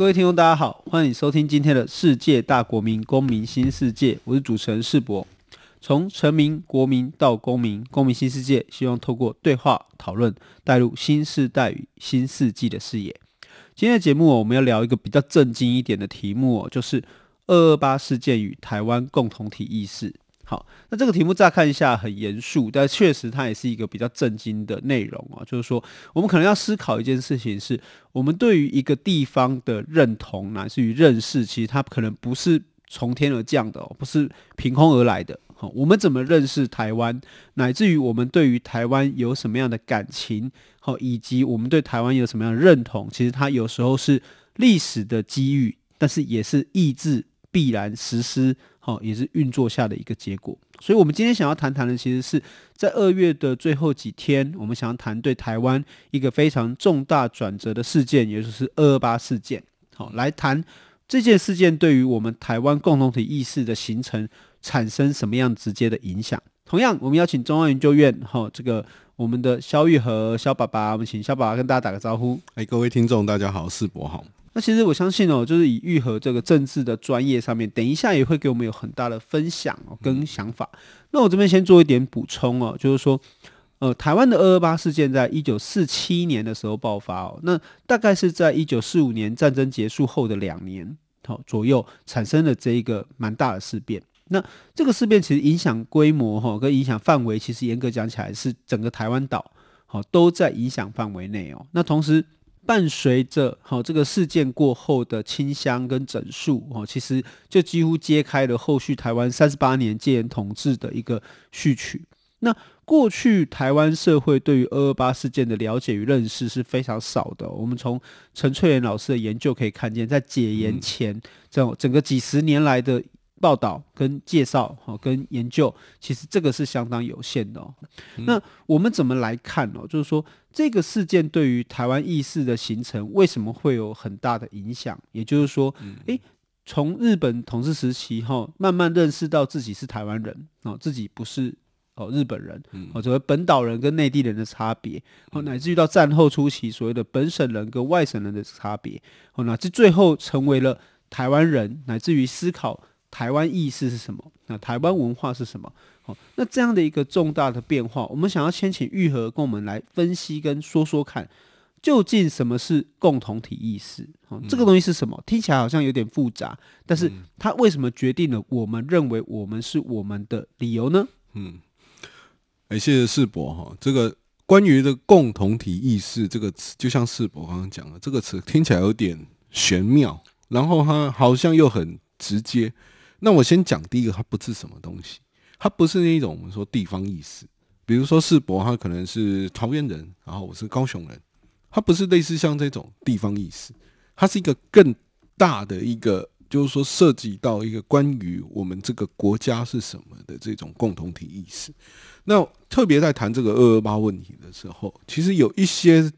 各位聽眾，大家好，歡迎收聽今天的世界大國民、公民新世界，我是主持人士博。從臣民、國民到公民，公民新世界，希望透過對話討論，帶入新世代與新世紀的視野。今天的節目哦，我們要聊一個比較正經一點的題目哦，就是二二八事件與台灣共同體意識。好，那這個題目乍看一下很嚴肅，但確實它也是一個比較震驚的內容啊。就是說，我們可能要思考一件事情是，是我們對於一個地方的認同乃至於認識，其實它可能不是從天而降的哦，不是憑空而來的。好、哦，我們怎麼認識台灣，乃至於我們對於台灣有什麼樣的感情，好、哦，以及我們對台灣有什麼樣的認同，其實它有時候是歷史的機遇，但是也是意志必然實施。好，也是運作下的一個結果。所以，我們今天想要談談的，其實是在二月的最後幾天，我們想要談對台灣一個非常重大轉折的事件，也就是二二八事件。好，來談這件事件對於我們台灣共同體意識的形成產生什麼樣直接的影響。同樣，我們邀請中央研究院，好，這個我們的蕭育和蕭爸爸，我們請蕭爸爸跟大家打個招呼。哎，各位聽眾，大家好，士博好。那其實我相信哦，就是育和這個政治的專業上面，等一下也會給我們有很大的分享、哦、跟想法。那我這邊先做一點補充哦，就是說，呃，台灣的二二八事件在一九四七年的時候爆發哦，那大概是在一九四五年戰爭結束後的兩年好、哦、左右產生了這一個蠻大的事變。那這個事變其實影響規模哈、哦、跟影響範圍，其實嚴格講起來是整個台灣島好、哦、都在影響範圍內哦。那同時。伴隨着好，這個事件過後的清鄉跟整肅，哦，其實就幾乎揭開了後續台灣三十八年戒嚴統治的一個序曲。那過去台灣社會對於二二八事件的了解與認識是非常少的。我們從陳翠蓮老師的研究可以看見，在解嚴前，整整個幾十年來的。報道跟介紹、哦、跟研究，其實這個是相當有限的、哦。嗯、那我們怎麼來看、哦、就是說，這個事件對於台灣意識的形成，為什麼會有很大的影響？也就是說，嗯、從日本統治時期哈、哦，慢慢認識到自己是台灣人、哦、自己不是哦日本人哦，所謂本島人跟內地人的差別，哦、嗯，乃至於到戰後初期所謂的本省人跟外省人的差別，哦，乃至最後成為了台灣人，乃至於思考。台灣意識是什麼？那台灣文化是什麼？好、哦，那這樣的一個重大的變化，我們想要先請育和跟我們來分析跟說說看，究竟什麼是共同體意識？哦，這個東西是什麼？聽起來好像有點複雜，但是它為什麼決定了我們認為我們是我們的理由呢？嗯，哎、欸，謝謝士博哈、哦。這個關於的共同體意識這個詞，就像士博剛剛講的，這個詞聽起來有點玄妙，然後它好像又很直接。那我先講第一個，它不是什麼東西，它不是那一種我們說地方意識，比如說士博，他可能是桃園人，然後我是高雄人，它不是類似像這種地方意識，它是一個更大的一個，就是說涉及到一個關於我們這個國家是什麼的這種共同體意識。那特別在談這個二二八問題的時候，其實有一些。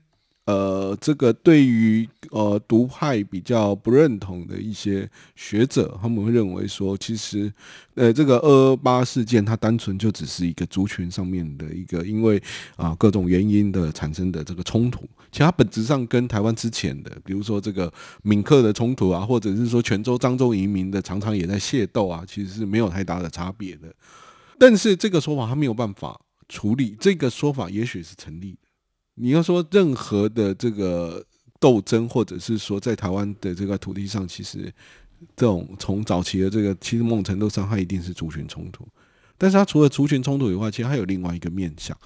呃，這個對於呃獨派比較不認同的一些學者，他們會認為說，其實，呃，這個二二八事件它單純就只是一個族群上面的一個，因為啊各種原因的產生的這個衝突，其實它本質上跟台灣之前的，比如說這個閩客的衝突啊，或者是說泉州漳州移民的常常也在械鬥啊，其實是沒有太大的差別的。但是這個說法他沒有辦法處理，這個說法也許是成立。你要說任何的這個鬥爭，或者是說在台灣的這塊土地上，其實這種從早期的這個，其實某種程度上，它一定是族群衝突。但是它除了族群衝突以外，其實還有另外一個面向，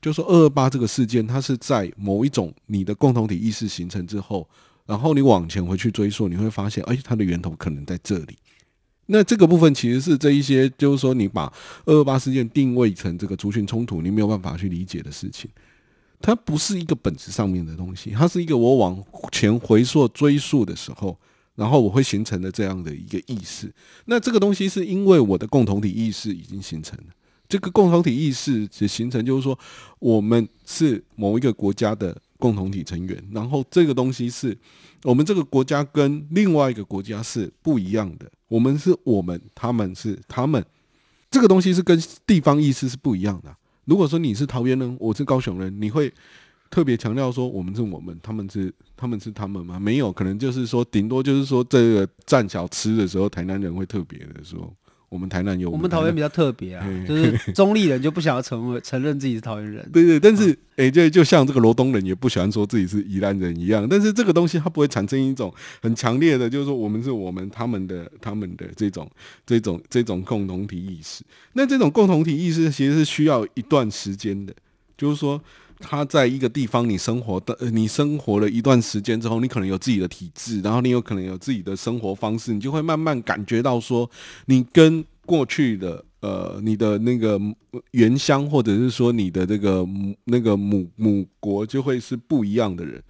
就是說二二八這個事件，它是在某一種你的共同體意識形成之後，然後你往前回去追溯，你會發現，哎，它的源頭可能在這裡。那這個部分其實是這一些，就是說你把二二八事件定位成這個族群衝突，你沒有辦法去理解的事情。它不是一個本質上面的東西，它是一個我往前回溯追溯的時候，然後我會形成的這樣的一個意識。那這個東西是因為我的共同體意識已經形成了。這個共同體意識的形成，就是說我們是某一個國家的共同體成員，然後這個東西是我們這個國家跟另外一個國家是不一樣的，我們是我們，他們是他們。這個東西是跟地方意識是不一樣的啊。如果說你是桃園人，我是高雄人，你會特別強調說我們是我們，他們是他們是他們嗎？沒有，可能就是說，頂多就是說，這個讚小吃的時候，台南人會特別的說。我們台南有我們，我們桃園比較特別啊，欸、就是中壢人就不想要成為承認自己是桃園人， 對，對對。但是哎、嗯欸，就就像這個羅東人也不喜歡說自己是宜蘭人一樣，但是這個東西它不會產生一種很強烈的，就是說我們是我們他們的他們的這種這種這種共同體意識。那這種共同體意識其實是需要一段時間的，就是說。他在一個地方，你生活的你生活了一段時間之後，你可能有自己的體質，然後你有可能有自己的生活方式，你就會慢慢感覺到說，你跟過去的呃，你的那個原鄉，或者是說你的這個母那個母母國，就會是不一樣的人。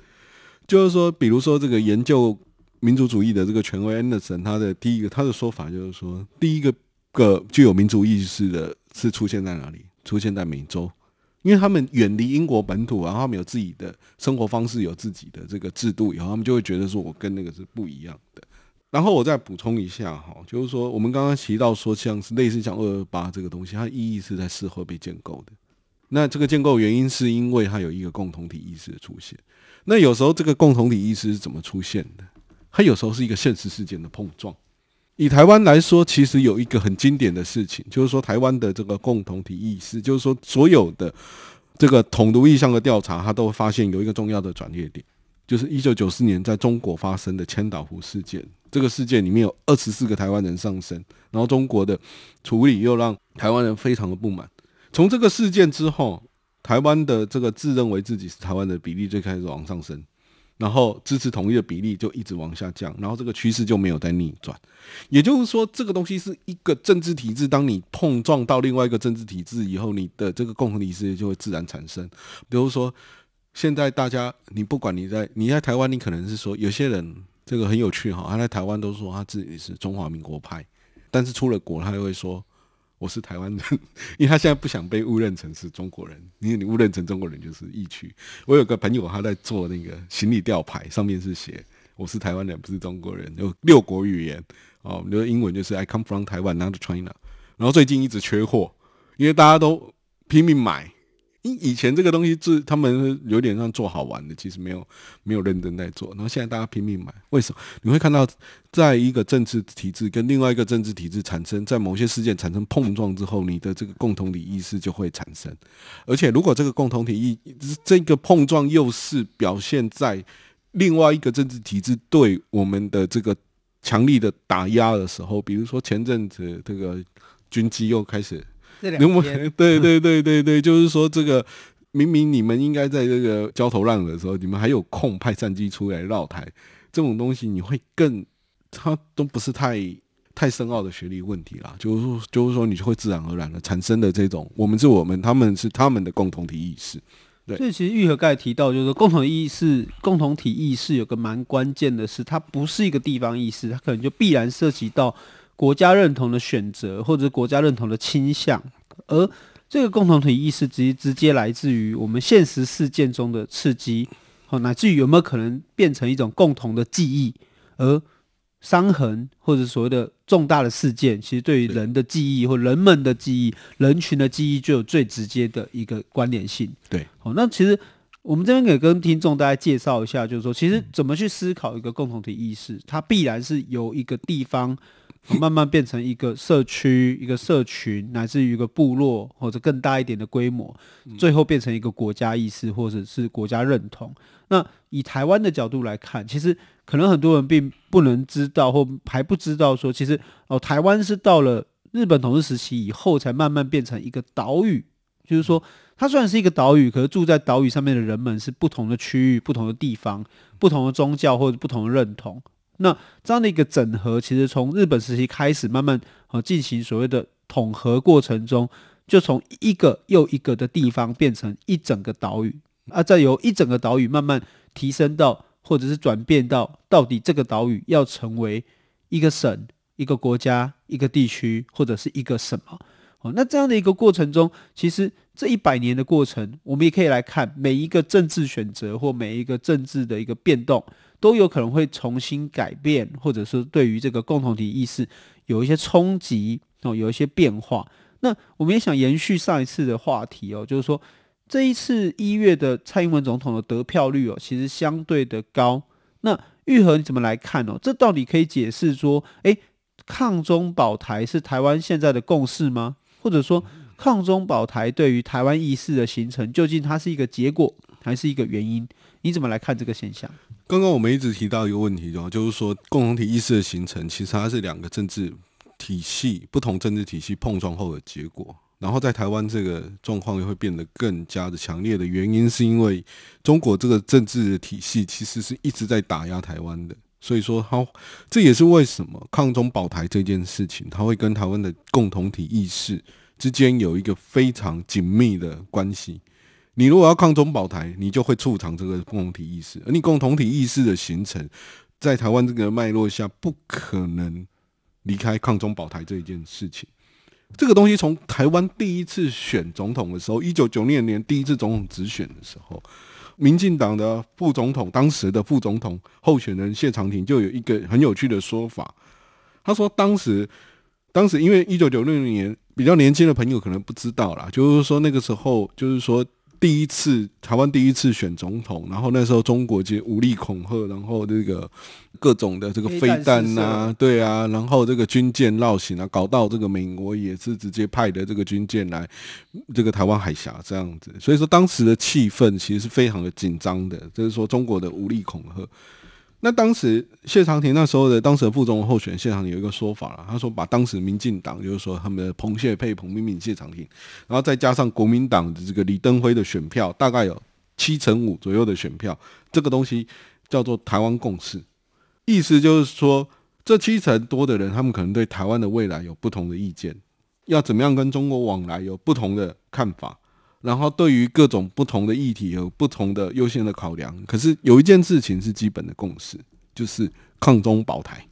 就是說，比如說這個研究民族主義的這個權威 Anderson，他的第一個他的說法就是說，第一個個具有民族意識的是出現在哪裡？出現在美洲。因為他們遠離英國本土，然後他們有自己的生活方式，有自己的這個制度，以後他們就會覺得說，我跟那個是不一樣的。然後我再補充一下哈，就是說我們剛剛提到說，像是類似像二二八這個東西，它意義是在事後被建構的。那這個建構原因，是因為它有一個共同體意識的出現。那有時候這個共同體意識是怎麼出現的？它有時候是一個現實事件的碰撞。以台灣來說，其實有一個很經典的事情，就是說台灣的這個共同體意識，就是說所有的這個統獨意向的調查，它都發現有一個重要的轉折點，就是一九九四年在中國發生的千島湖事件。這個事件裡面有二十四個台灣人喪生，然後中國的處理又讓台灣人非常的不滿。從這個事件之後，台灣的這個自認為自己是台灣人的比例就開始往上升。然後支持統一的比例就一直往下降，然後這個趨勢就沒有再逆轉。也就是說，這個東西是一個政治體制，當你碰撞到另外一個政治體制以後，你的這個共同體制就會自然產生。比如說，現在大家，你不管你在你在，你在台灣，你可能是說有些人這個很有趣哈、哦，他在台灣都說他自己是中華民國派，但是出了國，他就會說。我是台灣人，因為他現在不想被誤認成是中國人，因為你誤認成中國人就是疫區。我有個朋友，他在做那個行李吊牌，上面是寫“我是台灣人，不是中國人”，有六國語言哦，比如說英文就是 “I come from Taiwan, not China”。然後最近一直缺貨，因為大家都拼命買。以以前這個東西是他們有點像做好玩的，其實沒有沒有認真在做。然後現在大家拼命買，為什麼？你會看到，在一個政治體制跟另外一個政治體制產生、在某些事件產生碰撞之後，你的這個共同體意識就會產生。而且如果這個共同體意、這個碰撞又是表現在另外一個政治體制對我們的這個強力的打壓的時候，比如說前陣子這個軍機又開始。因對對對對對，嗯、就是說，這個明明你們應該在這個焦頭爛額的時候，你們還有空派戰機出來繞台，這種東西你會更，它都不是太太深奧的學歷問題啦，就是就是說你就會自然而然的產生的這種我們是我們，他們是他們的共同體意識。對，所以其實育和蓋提到就是說共同體意識，共同體意識有個蠻關鍵的是，它不是一個地方意識，它可能就必然涉及到。國家認同的選擇，或者是國家認同的傾向，而這個共同體意識直接來自於我們現實事件中的刺激，好，乃至於有沒有可能變成一種共同的記憶，而傷痕或者所謂的重大的事件，其實對於人的記憶或人們的記憶、人群的記憶就有最直接的一個關聯性。對，好，那其實我們這邊給跟聽眾大家介紹一下，就是說，其實怎麼去思考一個共同體意識，它必然是由一個地方。哦、慢慢變成一個社區、一個社群，乃至於一個部落或者更大一點的規模，最後變成一個國家意識或者是國家認同。那以台灣的角度來看，其實可能很多人並不能知道或還不知道說，說其實哦，台灣是到了日本統治時期以後，才慢慢變成一個島嶼。就是說，它雖然是一個島嶼，可是住在島嶼上面的人們是不同的區域、不同的地方、不同的宗教或者不同的認同。那這樣的一個整合，其實從日本時期開始，慢慢啊，哦，進行所謂的統合過程中，就從一個又一個的地方變成一整個島嶼，啊，再由一整個島嶼慢慢提升到，或者是轉變到，到底這個島嶼要成為一個省、一個國家、一個地區，或者是一個什麼？哦，那這樣的一個過程中，其實這一百年的過程，我們也可以來看每一個政治選擇或每一個政治的一個變動。都有可能會重新改變，或者是對於這個共同體意識有一些衝擊哦，有一些變化。那我們也想延續上一次的話題哦，就是說這一次一月的蔡英文總統的得票率哦，其實相對的高。那育和你怎麼來看呢，哦？這到底可以解釋說，誒，抗中保台是台灣現在的共識嗎？或者說抗中保台對於台灣意識的形成，究竟它是一個結果還是一個原因？你怎麼來看這個現象？剛剛我們一直提到一個問題，就就是說共同體意識的形成，其實它是兩個政治體系、不同政治體系碰撞後的結果。然後在台灣這個狀況又會變得更加的強烈的原因，是因為中國這個政治體系其實是一直在打壓台灣的。所以說，它這也是為什麼抗中保台這件事情，它會跟台灣的共同體意識之間有一個非常緊密的關係。你如果要抗中保台，你就會促長這個共同體意識，而你共同體意識的形成，在台灣這個脈絡下，不可能離開抗中保台這一件事情。這個東西從台灣第一次選總統的時候，一九九六年第一次總統直選的時候，民進黨的副總統當時的副總統候選人謝長廷就有一個很有趣的說法，他說：“當時，當時因為一九九六年比較年輕的朋友可能不知道啦，就是說那個時候，就是說。”第一次台灣第一次選總統，然後那時候中國就武力恐嚇，然後這個各種的這個飛彈啊，對啊，然後這個軍艦繞行啊，搞到這個美國也是直接派的這個軍艦來這個台灣海峽這樣子，所以說當時的氣氛其實是非常的緊張的，就是說中國的武力恐嚇。那當時謝長廷那時候的當時的副總統候選謝長廷，有一個說法了，他說，把當時民進黨就是說他們的彭謝配彭明敏、謝長廷，然後再加上國民黨的這個李登輝的選票，大概有七成五左右的選票，這個東西叫做台灣共識，意思就是說，這七成多的人他們可能對台灣的未來有不同的意見，要怎麼樣跟中國往來有不同的看法。然後對於各種不同的議題有不同的優先的考量，可是有一件事情是基本的共識，就是抗中保台。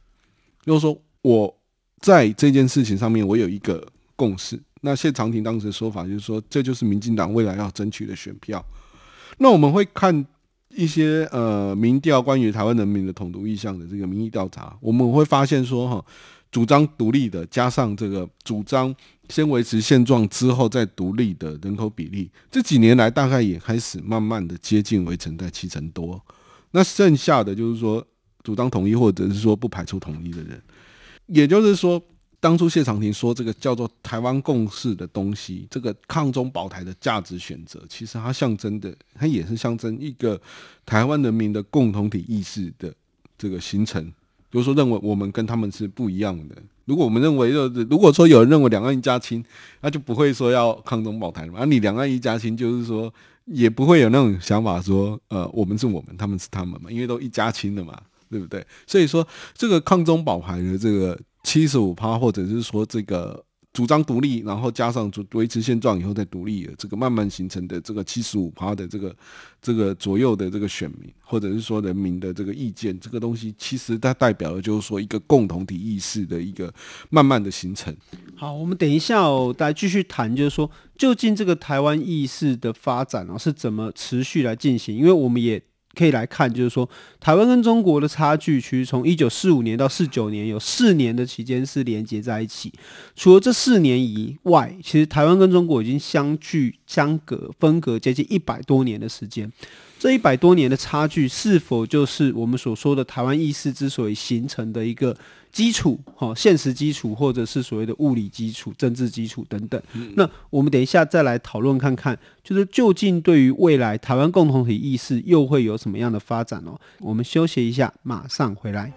就是說，我在這件事情上面，我有一個共識。那謝長廷當時的說法就是說，這就是民進黨未來要爭取的選票。那我們會看一些呃民調關於台灣人民的統獨意向的這個民意調查，我們會發現說哈。主張獨立的，加上這個主張先維持現狀之後再獨立的人口比例，這幾年來大概也開始慢慢的接近維持在七成多，那剩下的就是說主張統一或者是說不排除統一的人，也就是說當初謝長廷說這個叫做台灣共識的東西，這個抗中保台的價值選擇，其實它象徵的，它也是象徵一個台灣人民的共同體意識的這個形成。比如說，認為我們跟他們是不一樣的。如果我們認為，就是如果說有人認為兩岸一家親，那就不會說要抗中保台了嘛。啊，那你兩岸一家親，就是說也不會有那種想法說，呃，我們是我們，他們是他們嘛，因為都一家親的嘛，對不對？所以說，這個抗中保台的這個七十五趴，或者是說這個。主張獨立，然後加上維維持現狀以後再獨立的，這個慢慢形成的這個七十五趴的這個這個左右的這個選民，或者是說人民的這個意見，這個東西其實它代表的就是說一個共同體意識的一個慢慢的形成。好，我們等一下哦、喔，再繼續談，就是說究竟這個台灣意識的發展啊、喔、是怎麼持續來進行？因為我們也。可以來看，就是說，台灣跟中國的差距，其實從一九四五年到四九年有四年的期間是連接在一起，除了這四年以外，其實台灣跟中國已經相距相隔分隔接近一百多年的時間。這一百多年的差距，是否就是我們所說的台灣意識之所以形成的一個基礎？哈、哦，現實基礎，或者是所謂的物理基礎、政治基礎等等。嗯、那我們等一下再來討論看看，就是究竟對於未來台灣共同體意識又會有什麼樣的發展呢、哦？我們休息一下，馬上回來。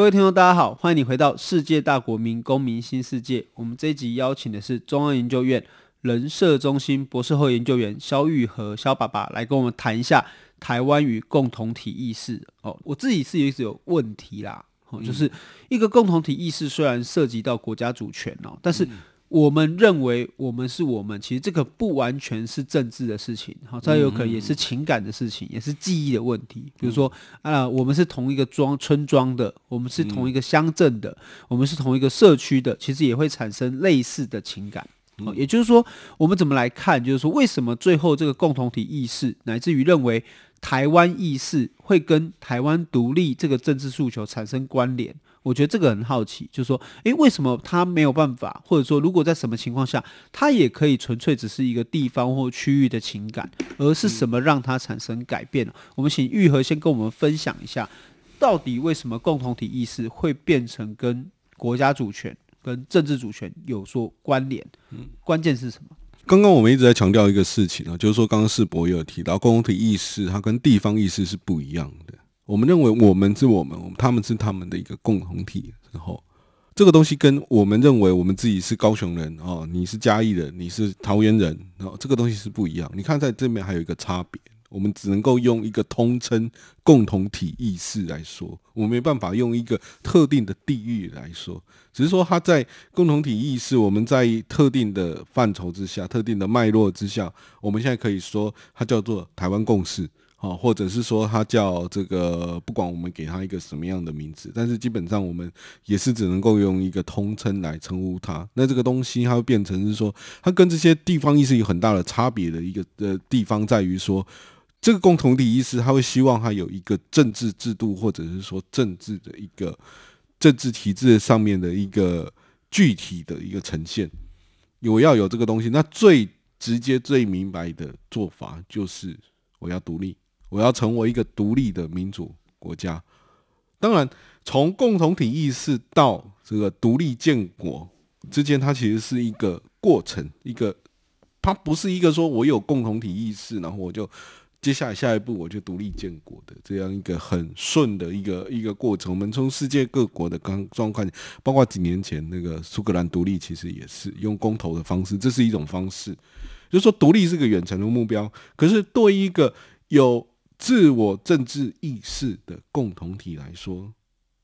各位聽眾，大家好，歡迎你回到《世界大國民公民新世界》。我們這一集邀請的是中央研究院人社中心博士後研究員蕭育和蕭爸爸來跟我們談一下台灣與共同體意識。哦，我自己是一直有問題啦。哦，就是一個共同體意識，雖然涉及到國家主權哦，但是。嗯我們認為我們是我們，其實這個不完全是政治的事情，好，它有可能也是情感的事情，嗯、也是記憶的問題。嗯、比如說啊、呃，我們是同一個莊村莊的，我們是同一個鄉鎮的，嗯、我們是同一個社區的，其實也會產生類似的情感。嗯、也就是說，我們怎麼來看？就是說，為什麼最後這個共同體意識，乃至於認為台灣意識會跟台灣獨立這個政治訴求產生關聯？我覺得這個很好奇，就是說，誒、欸，為什麼他沒有辦法？或者說，如果在什麼情況下，他也可以純粹只是一個地方或區域的情感，而是什麼讓他產生改變呢？嗯、我們請育和先跟我們分享一下，到底為什麼共同體意識會變成跟國家主權、跟政治主權有所關聯？嗯，關鍵是什麼？剛剛我們一直在強調一個事情啊，就是說，剛剛士博也有提到，共同體意識它跟地方意識是不一樣的。我們認為我們是我們，他們是他們的一個共同體。然後，這個東西跟我們認為我們自己是高雄人哦，你是嘉義人，你是桃園人，哦，這個東西是不一樣的。你看在這邊還有一個差別，我們只能夠用一個通稱共同體意識來說，我們沒辦法用一個特定的地域來說，只是說它在共同體意識，我們在特定的範疇之下、特定的脈絡之下，我們現在可以說它叫做台灣共識。啊，或者是說他叫這個，不管我們給他一個什麼樣的名字，但是基本上我們也是只能夠用一個通稱來稱呼他。那這個東西，它會變成是說，它跟這些地方意識有很大的差別的一個呃地方，在於說，這個共同體意識，他會希望他有一個政治制度，或者是說政治的一個政治體制上面的一個具體的一個呈現。我要有這個東西，那最直接、最明白的做法就是我要獨立。我要成為一個獨立的民主國家。當然，從共同體意識到這個獨立建國之間，它其實是一個過程，一個它不是一個說我有共同體意識，然後我就接下來下一步我就獨立建國的這樣一個很順的一個一個過程。我們從世界各國的剛狀況，包括幾年前那個蘇格蘭獨立，其實也是用公投的方式，這是一種方式。就是說獨立是個遠程的目標，可是對一個有自我政治意識的共同體來說，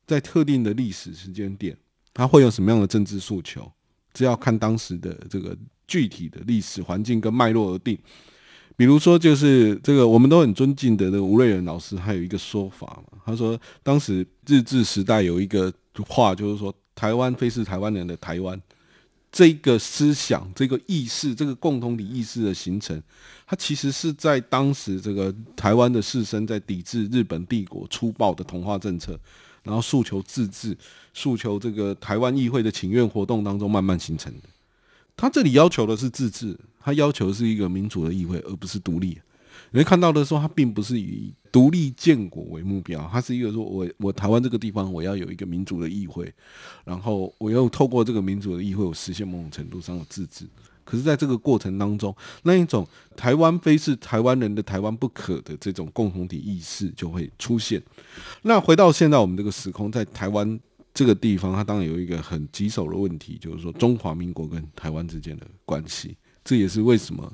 在特定的歷史時間點，他會有什麼樣的政治訴求，這要看當時的這個具體的歷史環境跟脈絡而定。比如說，就是這個我們都很尊敬的那個吳叡人老師，他有一個說法嘛，他說當時日治時代有一個話，就是說台灣非是台灣人的台灣。這個思想、這個意識、這個共同體意識的形成，它其實是在當時這個台灣的士紳在抵制日本帝國粗暴的同化政策，然後訴求自治、訴求這個台灣議會的請願活動當中慢慢形成的。他這裡要求的是自治，他要求的是一個民主的議會，而不是獨立。你看到的說，他並不是以獨立建國為目標，他是一個說我，我我台灣這個地方，我要有一個民族的議會，然後我要透過這個民族的議會，我實現某種程度上的自治。可是，在這個過程當中，那一種台灣非是台灣人的台灣不可的這種共同體意識就會出現。那回到現在我們這個時空，在台灣這個地方，它當然有一個很棘手的問題，就是說中華民國跟台灣之間的關係，這也是為什麼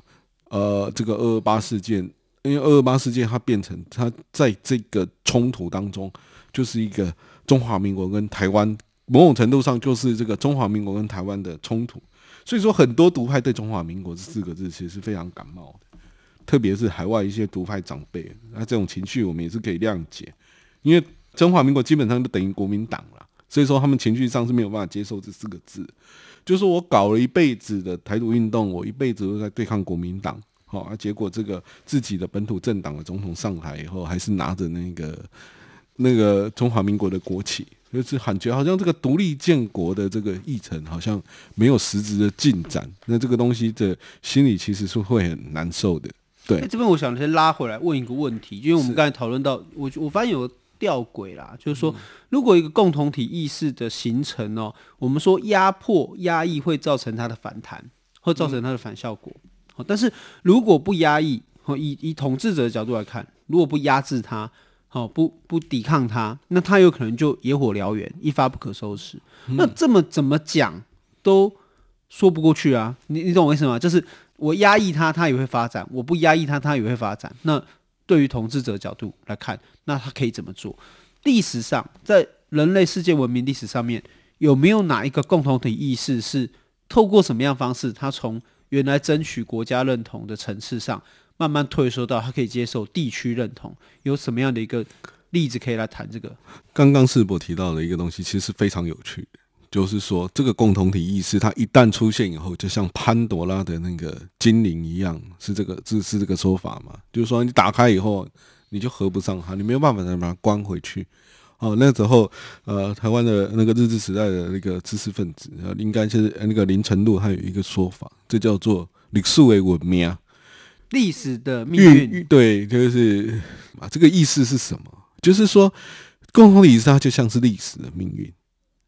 呃這個二二八事件。因為二二八事件，它變成它在這個衝突當中，就是一個中華民國跟台灣某種程度上就是這個中華民國跟台灣的衝突，所以說很多獨派對中華民國這四個字其實是非常感冒的，特別是海外一些獨派長輩，那這種情緒我們也是可以諒解，因為中華民國基本上就等於國民黨了，所以說他們情緒上是沒有辦法接受這四個字，就是說我搞了一輩子的台獨運動，我一輩子都在對抗國民黨。哦、啊，結果這個自己的本土政黨的總統上台以後，還是拿着那個那個中華民國的國旗，就是感覺好像這個獨立建國的這個議程好像沒有實質的進展。那這個東西的心裡其實是會很難受的。對，欸、這邊我想先拉回來問一個問題，因為我們剛才討論到，是我我發現有個吊軌啦，就是說，嗯、如果一個共同體意識的形成哦，我們說壓迫、壓抑會造成它的反彈，會造成它的反效果。嗯好，但是如果不壓抑，好，以以統治者的角度來看，如果不壓製他，好，不不抵抗他，那他有可能就野火燎原，一發不可收拾。那這麼怎麼講都說不過去啊？你你懂我意思嗎？就是我壓抑他，他也會發展；我不壓抑他，他也會發展。那對於統治者的角度來看，那他可以怎麼做？歷史上在人類世界文明歷史上面，有沒有哪一個共同體意識是透過什麼樣方式，他從？原來爭取國家認同的層次上，慢慢退縮到他可以接受地區認同，有什麼樣的一個例子可以來談這個？剛剛士博提到的一個東西，其實是非常有趣，就是說這個共同體意識，它一旦出現以後，就像潘朵拉的那個精靈一樣，是這個，是，是這個說法嗎？就是說你打開以後，你就合不上它，你沒有辦法再把它關回去。哦，那時候，呃，台灣的那個日治時代的那個知識分子，應該就是那個林成祿，他有一個說法，這叫做“歷史的命運，對，就是啊，這個意思是什麼？就是說，共同意思，它就像是歷史的命運，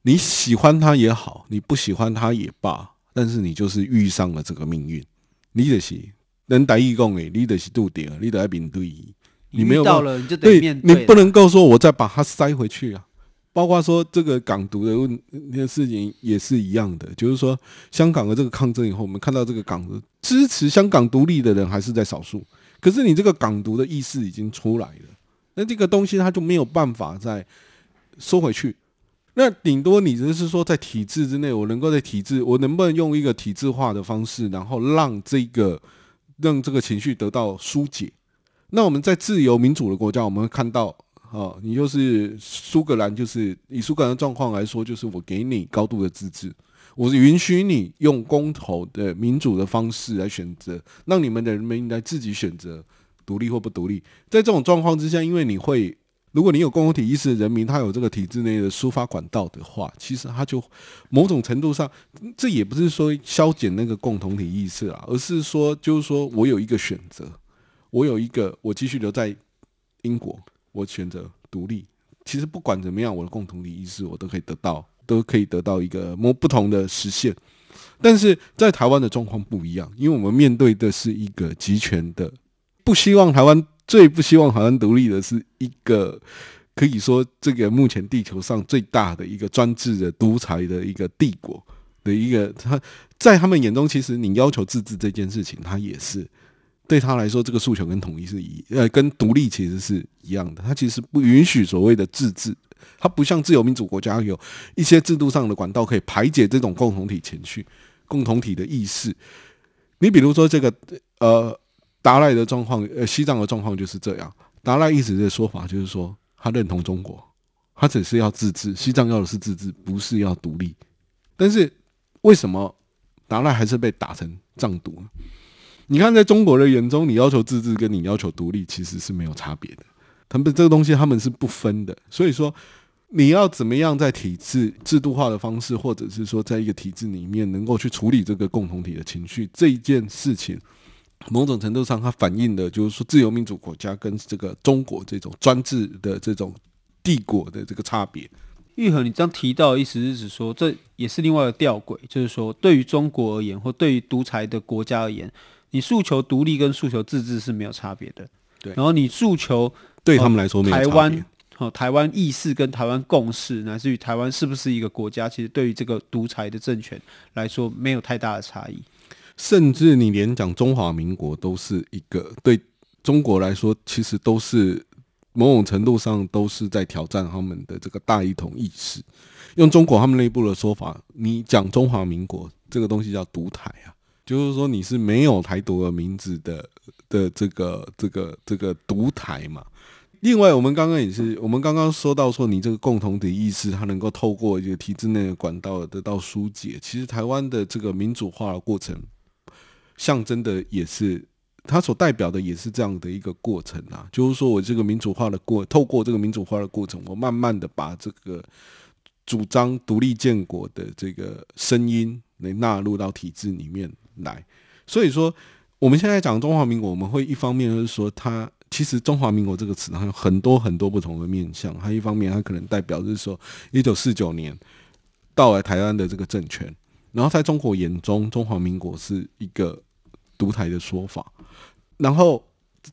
你喜歡他也好，你不喜歡他也罷，但是你就是遇上了這個命運。你、就是、的是能得意共誒，你的是度定，你得要面對。你沒有你對。你不能夠說，我再把它塞回去啊。包括說這個港獨的問事情，也是一樣的，就是說香港的這個抗爭以後，我們看到這個港的支持香港獨立的人還是在少數。可是你這個港獨的意識已經出來了，那這個東西它就沒有辦法再收回去。那頂多你只是說，在體制之內，我能夠在體制，我能不能用一個體制化的方式，然後讓這個讓這個情緒得到疏解。那我們在自由民主的國家，我們會看到，啊，你就是蘇格蘭，就是以蘇格蘭的狀況來說，就是我給你高度的自治，我是允許你用公投的民主的方式來選擇，讓你們的人民來自己選擇獨立或不獨立。在這種狀況之下，因為你會，如果你有共同體意識的人民，他有這個體制內的抒發管道的話，其實他就某種程度上，這也不是說削減那個共同體意識啊，而是說就是說我有一個選擇。我有一個，我繼續留在英國，我選擇獨立。其實不管怎麼樣，我的共同體意識，我都可以得到，都可以得到一個摸不同的實現。但是在台灣的狀況不一樣，因為我們面對的是一個極權的，不希望台灣，最不希望台灣獨立的是一個可以說這個目前地球上最大的一個專制的獨裁的一個帝國的一個，他在他們眼中，其實你要求自治這件事情，他也是。對他來說，這個訴求跟統一是一，呃，跟獨立其實是一樣的。他其實不允許所謂的自治，他不像自由民主國家有一些制度上的管道可以排解這種共同體情緒、共同體的意識。你比如說這個呃，達賴的狀況，呃，西藏的狀況就是這樣。達賴一直的說法就是說，他認同中國，他只是要自治，西藏要的是自治，不是要獨立。但是為什麼達賴還是被打成藏獨呢？你看，在中國人眼中，你要求自治跟你要求獨立其實是沒有差別的。他們這個東西他們是不分的。所以說，你要怎麼樣在體制制度化的方式，或者是說，在一個體制裡面能夠去處理這個共同體的情緒，這一件事情，某種程度上它反映的就是說，自由民主國家跟這個中國這種專制的這種帝國的這個差別。育和，你這樣提到的意思是指說，這也是另外一個弔詭，就是說，對於中國而言，或對於獨裁的國家而言。你訴求獨立跟訴求自治是沒有差別的，對。然後你訴求，對他們來說，沒有差別，台灣好，台灣意識跟台灣共識，乃至於台灣是不是一個國家，其實對於這個獨裁的政權來說，沒有太大的差異。甚至你連講中華民國都是一個，對中國來說，其實都是某種程度上都是在挑戰他們的這個大一統意識。用中國他們內部的說法，你講中華民國這個東西叫獨台啊。就是說你是沒有台獨的名字的的這個這個這個獨台嘛。另外，我們剛剛也是我們剛剛說到說你這個共同體意識，它能夠透過一個體制內的管道得到疏解。其實台灣的這個民主化的過程，象徵的也是它所代表的也是這樣的一個過程啊。就是說我這個民主化的過透過這個民主化的過程，我慢慢的把這個主張獨立建國的這個聲音，能納入到體制裡面來，所以說我們現在講中華民國，我們會一方面就是說，它其實“中華民國”這個詞，它有很多很多不同的面向。它一方面，它可能代表就是說，一九四九年到來台灣的這個政權。然後，在中國眼中，“中華民國”是一個獨台的說法。然後，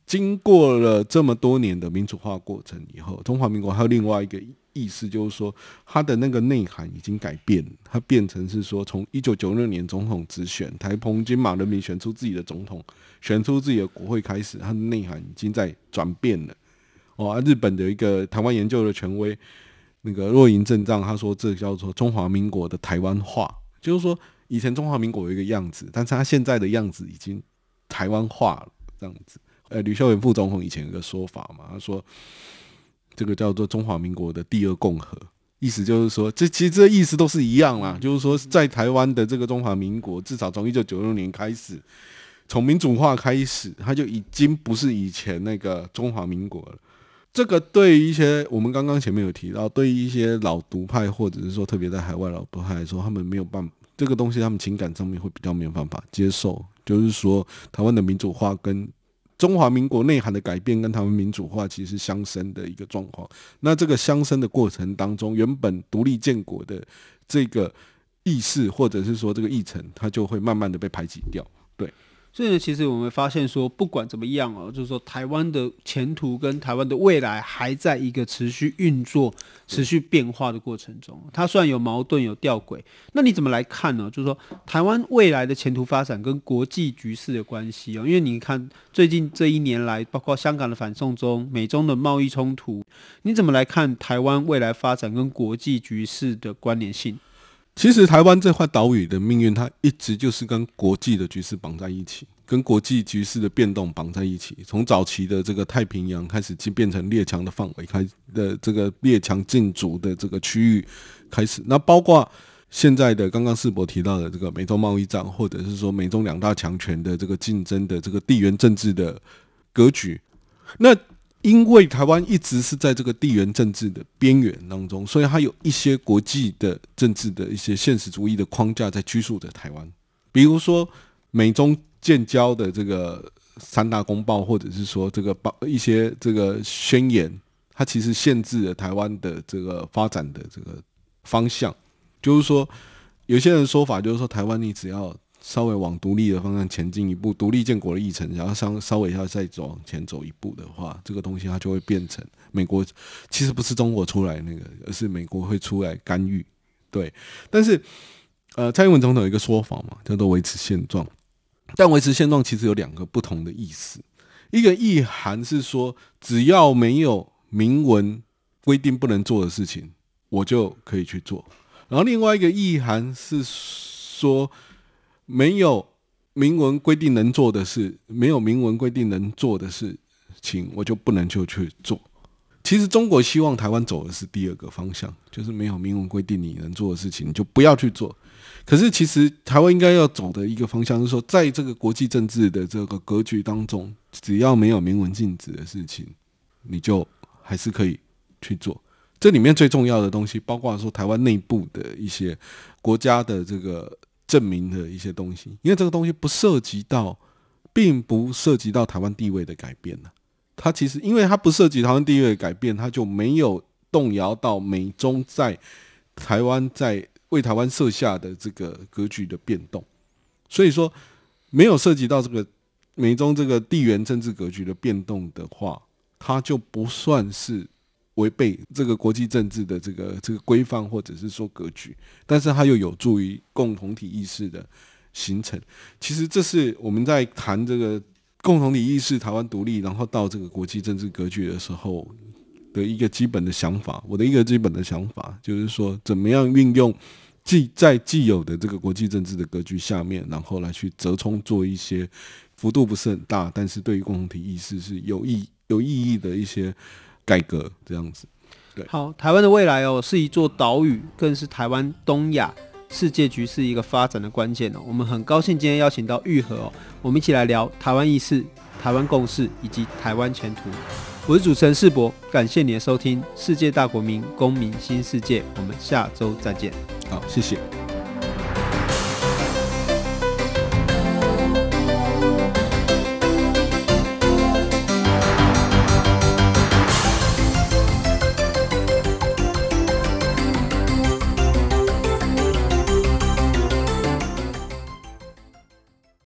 經過了這麼多年的民主化過程以後，“中華民國”還有另外一個。意思就是說，他的那個內涵已經改變，他變成是說，從一九九六年總統直選，台澎金馬人民選出自己的總統，選出自己的國會開始，他的內涵已經在轉變了。哦、啊，日本的一個台灣研究的權威，那個若林正丈，他說這叫做中華民國的台灣化，就是說以前中華民國有一個樣子，但是他現在的樣子已經台灣化了，這樣子。呃，呂秀蓮副總統以前有個說法嘛，他說。這個叫做中華民國的第二共和，意思就是說，這其實這意思都是一樣啦。就是說，在台灣的這個中華民國，至少從一九九六年開始，從民主化開始，它就已經不是以前那個中華民國了。這個對於一些我們剛剛前面有提到，對於一些老獨派或者是說特別在海外老獨派來說，他們沒有辦法，這個東西他們情感上面會比較沒有辦法接受。就是說，台灣的民主化跟。中華民國內涵的改變跟他們民主化其實相生的一個狀況。那這個相生的過程當中，原本獨立建國的這個意識或者是說這個議程，它就會慢慢的被排擠掉。對。所以呢，其實我們發現說，不管怎麼樣哦，就是說台灣的前途跟台灣的未來還在一個持續運作、持續變化的過程中。它雖然有矛盾、有弔詭，那你怎麼來看呢？就是說，台灣未來的前途發展跟國際局勢的關係哦，因為你看最近這一年來，包括香港的反送中、美中的貿易衝突，你怎麼來看台灣未來發展跟國際局勢的關聯性？其實台灣這塊島嶼的命運，它一直就是跟國際的局勢綁在一起，跟國際局勢的變動綁在一起。從早期的這個太平洋開始，就變成列強的範圍開的這個列強競逐的這個區域開始。那包括現在的剛剛士博提到的這個美中貿易戰，或者是說美中兩大強權的這個競爭的這個地緣政治的格局，那。因為台灣一直是在這個地緣政治的邊緣當中，所以它有一些國際的政治的一些現實主義的框架在拘束着台灣。比如說美中建交的這個三大公報，或者是說這個報，一些這個宣言，它其實限制了台灣的這個發展的這個方向。就是說，有些人說法就是說，台灣你只要。稍微往獨立的方向前進一步，獨立建國的議程，然後稍稍微要再走往前走一步的話，這個東西它就會變成美國，其實不是中國出來那個，而是美國會出來干預。對，但是呃，蔡英文總統有一個說法嘛，叫做維持現狀。但維持現狀其實有兩個不同的意思，一個意涵是說只要沒有明文規定不能做的事情，我就可以去做；然後另外一個意涵是說。沒有明文規定能做的事，沒有明文規定能做的事情，我就不能就去做。其實中國希望台灣走的是第二個方向，就是沒有明文規定你能做的事情，你就不要去做。可是其實台灣應該要走的一個方向是說，在這個國際政治的這個格局當中，只要沒有明文禁止的事情，你就還是可以去做。這裡面最重要的東西，包括說台灣內部的一些國家的這個。證明的一些東西，因為這個東西不涉及到，並不涉及到台灣地位的改變呢。它其實，因為它不涉及台灣地位的改變，它就沒有動搖到美中在台灣在為台灣設下的這個格局的變動。所以說，沒有涉及到這個美中這個地緣政治格局的變動的話，它就不算是。違背這個國際政治的這個這個規範，或者是說格局，但是它又有助於共同體意識的形成。其實這是我們在談這個共同體意識、台灣獨立，然後到這個國際政治格局的時候的一個基本的想法。我的一個基本的想法就是說，怎麼樣運用既在既有的這個國際政治的格局下面，然後來去折衝做一些幅度不是很大，但是對於共同體意識是有意有意義的一些。改革這樣子，對，好，台灣的未來哦，是一座島嶼，更是台灣東亞世界局勢一個發展的關鍵哦。我們很高興今天邀請到育和哦，我們一起來聊台灣意識、台灣共識以及台灣前途。我是主持人士博，感謝你的收聽《世界大國民公民新世界》，我們下周再見。好，謝謝。